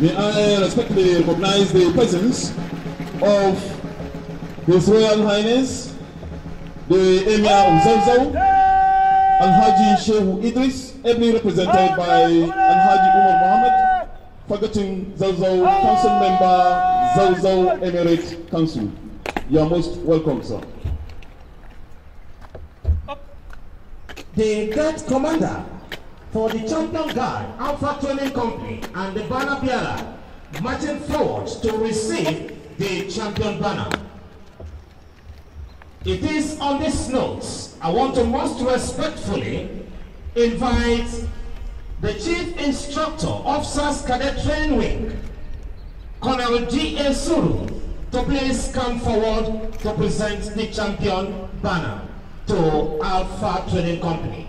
May I uh, respectfully recognize the presence of His Royal Highness, the Emir of Zawzaw, Alhaji Shehu Idris, ably represented by Alhaji Umar Mohammed, forgotten Zawzaw Council member, Zawzaw Emirate Council. You are most welcome, sir. The Guard Commander for the champion guard, Alpha Training Company, and the banner bearer, marching forward to receive the champion banner. It is on this note, I want to most respectfully invite the Chief Instructor, Officers Cadet Training Wing, Colonel G. A. Suru, to please come forward to present the champion banner to Alpha Training Company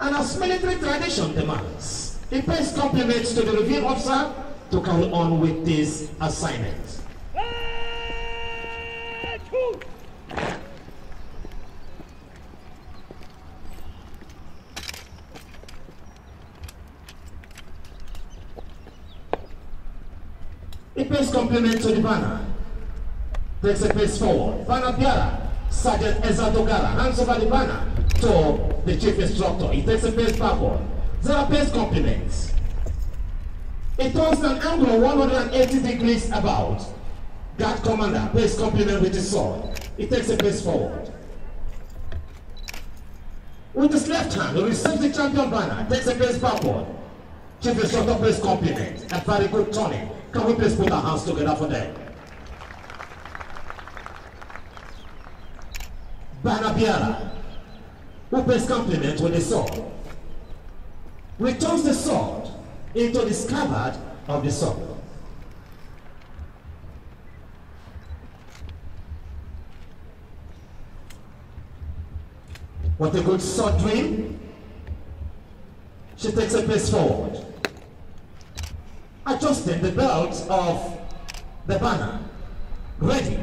and as military tradition demands. He pays compliments to the review officer to carry on with this assignment. He pays compliments to the banner. Takes a pace forward. Banner piara Sergeant Ezadogara, hands over the banner to the chief instructor. He takes a pace backward. are pace complements. It turns an angle 180 degrees about. Guard commander pace complement with his sword. He takes a pace forward. With his left hand, he receives the champion banner, takes a pace backward. Chief instructor pace complement. A very good turning. Can we please put our hands together for them? Banner bearer who pays compliment with the sword, returns the sword into the scabbard of the sword. What a good sword dream. She takes a pace forward, adjusting the belt of the banner. Ready.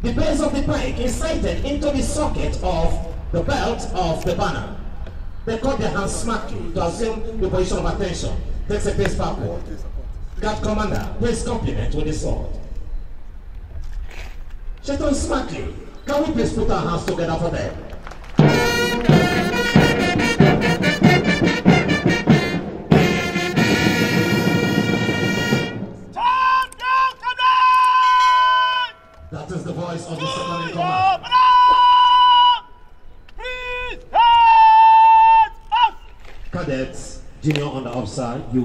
The base of the pike is into the socket of the belt of the banner. They caught their hands smartly to assume the position of attention, takes a pace backward. Guard commander pays compliment with his sword. Shaitan smartly, can we please put our hands together for them? That is the voice of the second commander. Junior on the offside. You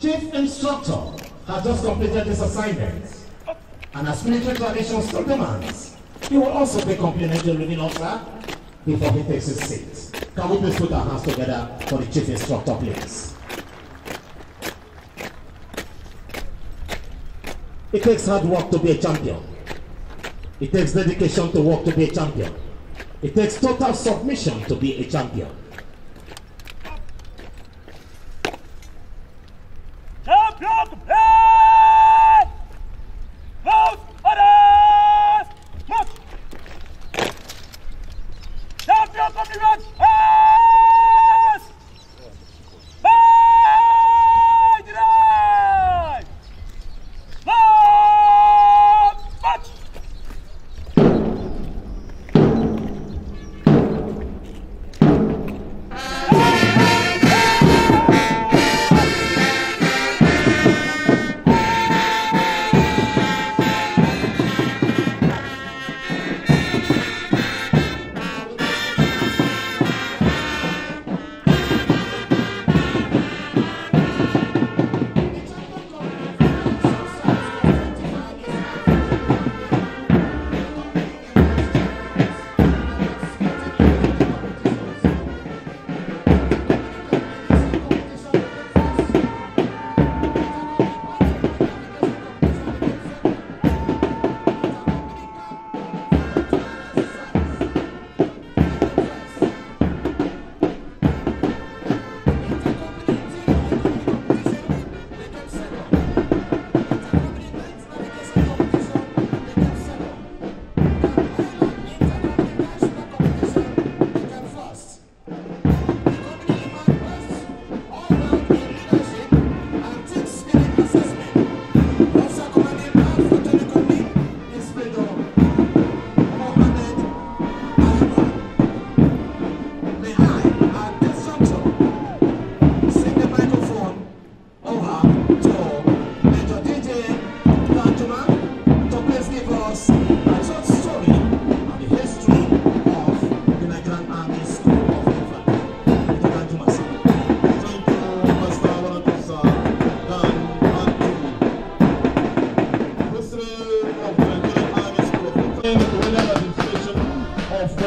Chief Instructor has just completed this assignment. And as military tradition still demands, he will also be complimentary living officer before he takes his seat. Can we please put our hands together for the Chief Instructor, please? It takes hard work to be a champion. It takes dedication to work to be a champion. It takes total submission to be a champion.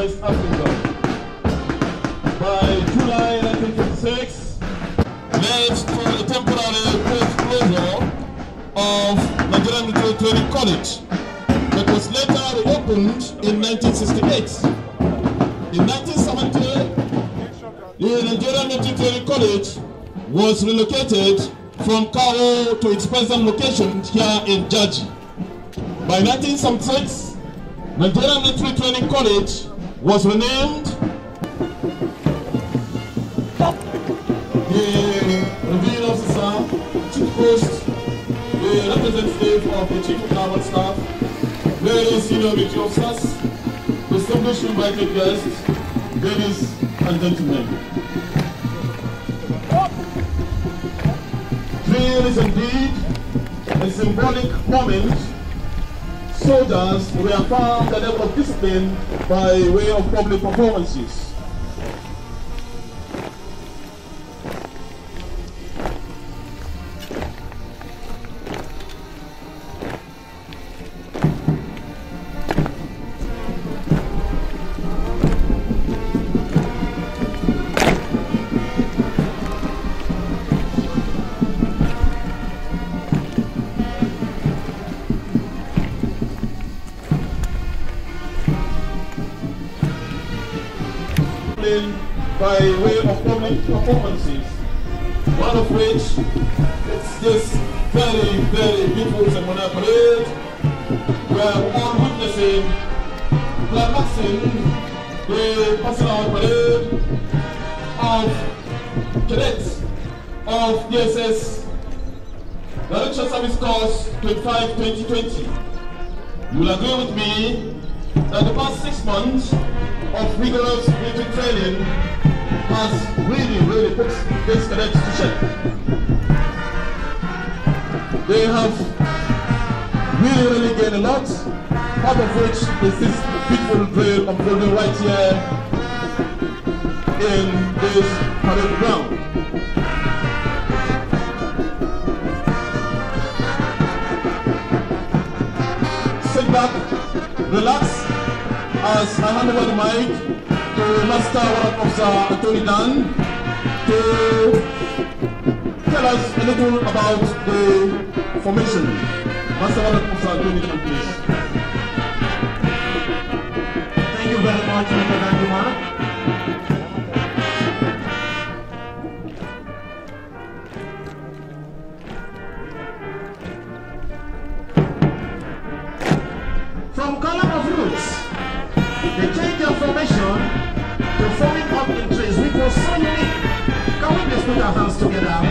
Africa. By July 1956, led to the temporary closure of Nigerian Military Training College that was later reopened in 1968. In 1970, the Nigerian Military Training College was relocated from Kao to its present location here in Jaji. By 1976, Nigerian Military Training College was renamed the Reveal Officer to host the representative of the Chief Cabot Staff, very senior military officers, distinguished invited guests, ladies and gentlemen. Drill is indeed a symbolic moment soldiers were found the they were disciplined by way of public performances. performances. One of which is this very, very beautiful ceremonial parade where all witnessing climaxing the personal parade of cadets of DSS Direction Service Course 25-2020. You will agree with me that the past six months of rigorous military training has really, really fixed this cadets to They have really, really gained a lot, part of which is this beautiful drill unfolding right here in this parade ground. Sit back, relax, as I hand over the mic the last hour of the to tell us a little about the formation. Last hour of the Turidan, please. Thank you very much, Mr. Nanduma. house to get out.